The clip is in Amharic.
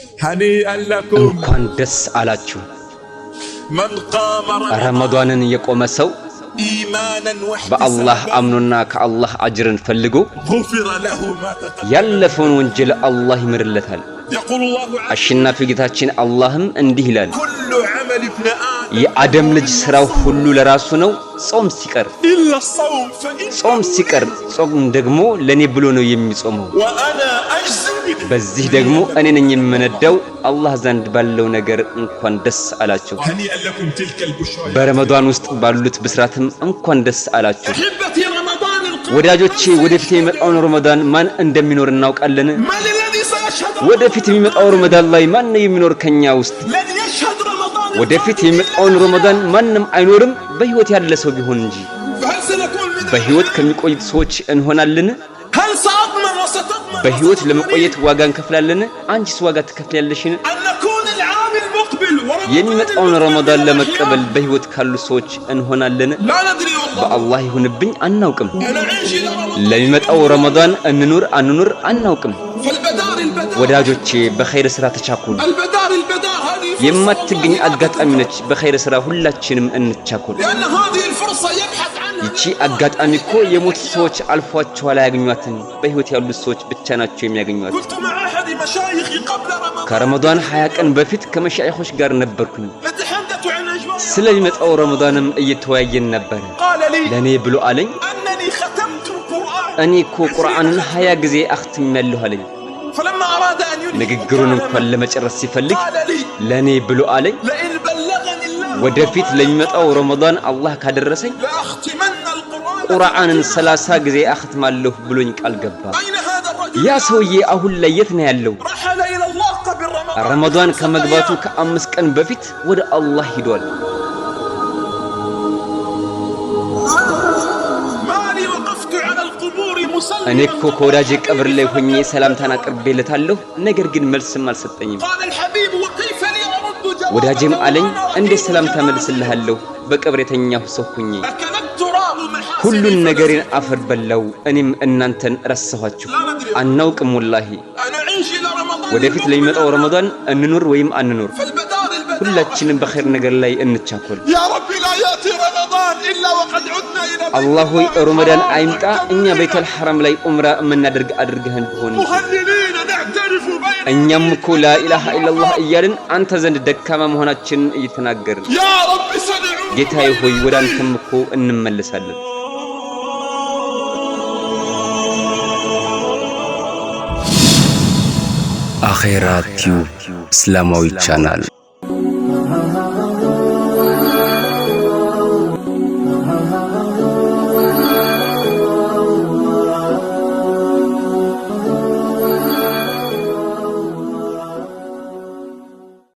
እንኳን ደስ አላችሁ። ረመዷንን የቆመ ሰው በአላህ አምኖና ከአላህ አጅርን ፈልጎ ያለፈውን ወንጀል አላህ ይምርለታል። አሸናፊው ጌታችን አላህም እንዲህ ይላል፣ የአደም ልጅ ሥራው ሁሉ ለራሱ ነው፣ ጾም ሲቀር ጾም ሲቀር ጾም ደግሞ ለእኔ ብሎ ነው የሚጾመው በዚህ ደግሞ እኔ ነኝ የምነዳው። አላህ ዘንድ ባለው ነገር እንኳን ደስ አላችሁ። በረመዷን ውስጥ ባሉት ብስራትም እንኳን ደስ አላችሁ። ወዳጆቼ ወደፊት የሚመጣውን ረመዳን ማን እንደሚኖር እናውቃለን። ወደፊት የሚመጣው ረመዳን ላይ ማን ነው የሚኖር ከኛ ውስጥ? ወደፊት የሚመጣውን ረመዳን ማንም አይኖርም በህይወት ያለ ሰው ቢሆን እንጂ። በህይወት ከሚቆዩት ሰዎች እንሆናለን። በህይወት ለመቆየት ዋጋ እንከፍላለን። አንቺስ ዋጋ ትከፍያለሽን? የሚመጣውን ረመዳን ለመቀበል በህይወት ካሉ ሰዎች እንሆናለን። በአላህ ይሁንብኝ አናውቅም። ለሚመጣው ረመዳን እንኑር አንኑር አናውቅም። ወዳጆቼ በኸይር ስራ ተቻኩሉ። የማትገኝ አጋጣሚ ነች። በኸይር ስራ ሁላችንም እንቻኮል። ይቺ አጋጣሚ እኮ የሞቱ ሰዎች አልፏቸዋል፣ አያገኟትም። በሕይወት ያሉት ሰዎች ብቻ ናቸው የሚያገኟት። ከረመዷን ሀያ ቀን በፊት ከመሻይኾች ጋር ነበርኩኝ። ስለሚመጣው ረመዷንም እየተወያየን ነበር። ለእኔ ብሎ አለኝ፣ እኔ እኮ ቁርአንን ሀያ ጊዜ አኽትም አለኝ። ንግግሩን እንኳን ለመጨረስ ሲፈልግ ለኔ ብሎ አለኝ። ወደፊት ለሚመጣው ረመዳን አላህ ካደረሰኝ ቁርአንን ሰላሳ ጊዜ አኽትማለሁ ብሎኝ ቃል ገባ። ያ ሰውዬ አሁን ላይ የት ነው ያለው? ረመዳን ከመግባቱ ከአምስት ቀን በፊት ወደ አላህ ሂዷል። እኔ እኮ ከወዳጄ ቀብር ላይ ሆኜ ሰላምታን አቅርቤለታለሁ፣ ነገር ግን መልስም አልሰጠኝም። ወዳጄም አለኝ እንዴት ሰላምታ መልስልሃለሁ? በቀብር የተኛሁ ሰው ሁኜ ሁሉን ነገሬን አፈር በላው። እኔም እናንተን ረሳኋችሁ። አናውቅም ወላሂ። ወደፊት ለሚመጣው ረመዳን እንኑር ወይም አንኑር ሁላችንም በኸይር ነገር ላይ እንቻኮል። አላህ ሆይ ሮመዳን አይምጣ፣ እኛ ቤተል ሐራም ላይ ዑምራ የምናደርግ አድርገህን ብሆን እኛም እኮ ላኢላሃ ኢለላህ እያልን አንተ ዘንድ ደካማ መሆናችንን እየተናገርን ጌታዬ ሆይ ወደ አንተም እኮ እንመለሳለን። አኼራ ቲዩብ እስላማዊ ቻናል